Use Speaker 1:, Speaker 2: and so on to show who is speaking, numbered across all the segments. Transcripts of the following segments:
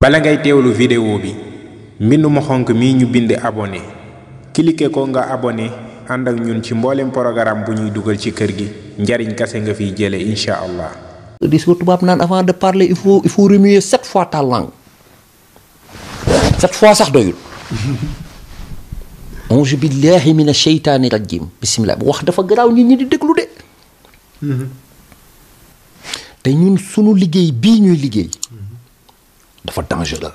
Speaker 1: bala ngay teewlu vidéo bi mbind mu xonk mi ñu bind abonné cliquer ko nga abone ànd ak ñun ci mboolem programme bu ñuy dugal ci kër gi njariñ kase nga fiy jële incha allah discours tubaab naan avant de parler il faut il faut remuer sept fois ta fois sax doyul auzu billahi mina sheytaani rajim bismillah wax dafa garaaw nit ñi di déglu de mm-hmm. te ñun sunu liggéey bii ñuy liggéey dafa dangereux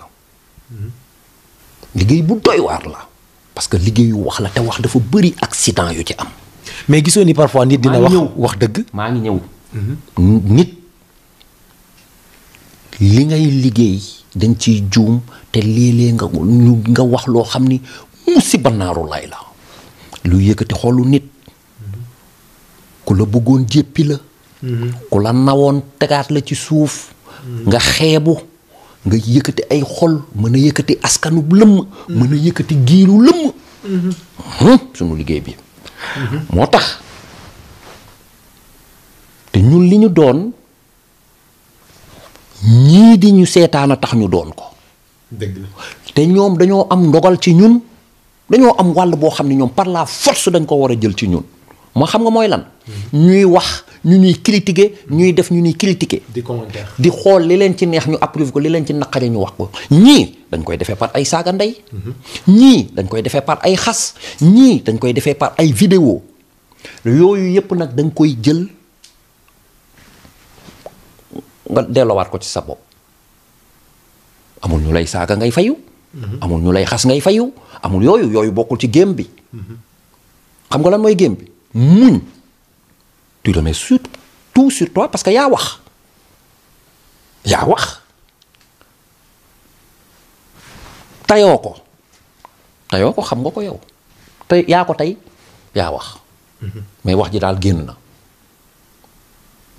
Speaker 1: liggéey bu doy waar la parce que liggéeyu wax la te wax dafa bëri accident yu ci am. mais gisoo ni parfois nit dina. wax wax dëgg maa ngi mhm. nit li ngay liggéey dañ ciy juum te léeg nga nga wax loo xam ni musiba naaru lay la. lu yëkkati xolu nit ku la bëggoon jéppi la. Mhm. ku la nawoon tegaat la ci suuf. Mhm. nga xeebu. nga yëkkati ay xol mën a yëkkati askanu lëmm. mën a yëkkati giiru lëmm. Hmm, sunu liggéey bi. moo tax te ñun li ñu doon ñii di ñu seetaan a tax ñu doon ko. dëgg te ñoom dañoo am ndogal ci ñun dañoo am wàll boo xam ne ñoom par la force dañ ko war a jël ci ñun. moo xam nga mooy lan. ñuy wax ñu ñuy critiquer ñuy def ñu ñuy critiquer. di di xool li leen ci neex ñu approuvé ko li leen ci naqari ñu wax ko ñii dañ koy defee par ay saaga ndey. Mm-hmm. ñii dañ koy defee par ay xas. ñii dañ koy defee par ay vidéo yooyu yëpp nag dañ koy jël nga dellowaat ko ci sa bopp amul ñu lay saaga ngay fayu. Mm-hmm. amul ñu lay xas ngay fayu amul yooyu yooyu bokkul ci game bi. Mm-hmm. xam nga lan mooy game bi. muñ tu remets sur tout sur toi parce que yaa wax yaa wax tayoo ko tayoo ko xam nga ko yow te yaa ko tey yaa wax mais wax ji daal génn na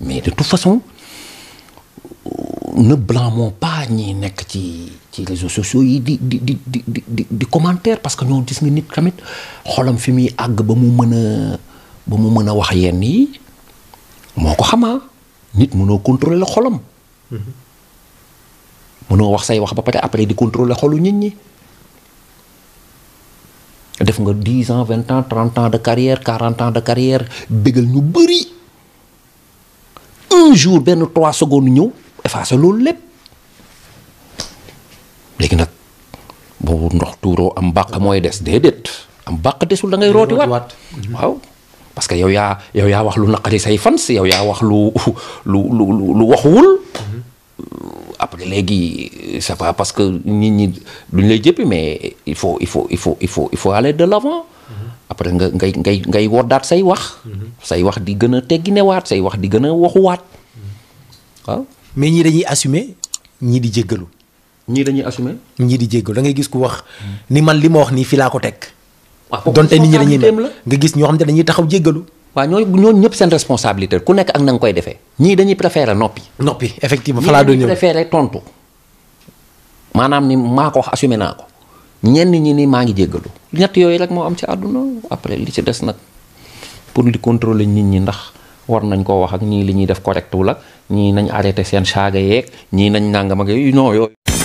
Speaker 1: mais de toute façon ne blâmons pas ñi nekk ci ci réseaux sociaux yi di di di di di di commentaire parce que ñoo gis nga nit tamit xolam fi muy àgg ba mu mën a ba mu mën a wax yenn yi moo ko xamaa nit mënoo contrôler xolam. Mm-hmm. mënoo wax say wax ba pare après di contrôler xolu nit ñi. def nga dix ans vingt ans trent ans de carrière quarante ans de carrière bégal ñu bëri un jour benn trois secondes ñëw sa loolu lépp léegi nag boobu ndox tuuroo am bàq mm-hmm. mooy des déedéet am bàq desul dangay ngay rooti waat mm-hmm. waaw. parce que yow yaa yow yaa wax lu naqari say fan fans yow yaa wax lu lu lu lu waxuwul après léegi c'est pas parce que nit ñi duñ lay jëppi mais il faut il faut il faut il faut il faut aller de l'avant après nga ngay ngay ngay woddaat say wax say wax di gën a ne waat say wax di gën a waxuwaat waaw mais ñii dañuy assumer ñii di jéggalu ñii dañuy assumer ñii di jéggalu da ngay gis ko wax ni man li ma wax nii fi laa ko teg waaw donte nit ñi dañuy ne nga gis ñoo xam ne dañuy taxaw jéggalu. waaw ñooñu ñooñu ñëpp seen responsabilité ku nekk ak na nga koy defee. ñii dañuy préféré noppi. noppi effectivement fa laa doon ñëw ñii tontu. maanaam ni maa ko wax assumé naa ñenn ñi nii maa ngi jéggalu ñett yooyu rek moo am ci àdduna après li ci des nag pour li contrôler nit ñi ndax war nañ koo wax ak ñii li ñuy def correct wu la ñii nañ arrêté seen saaga yeeg ñii nañ nangam ak yooyu non yooyu.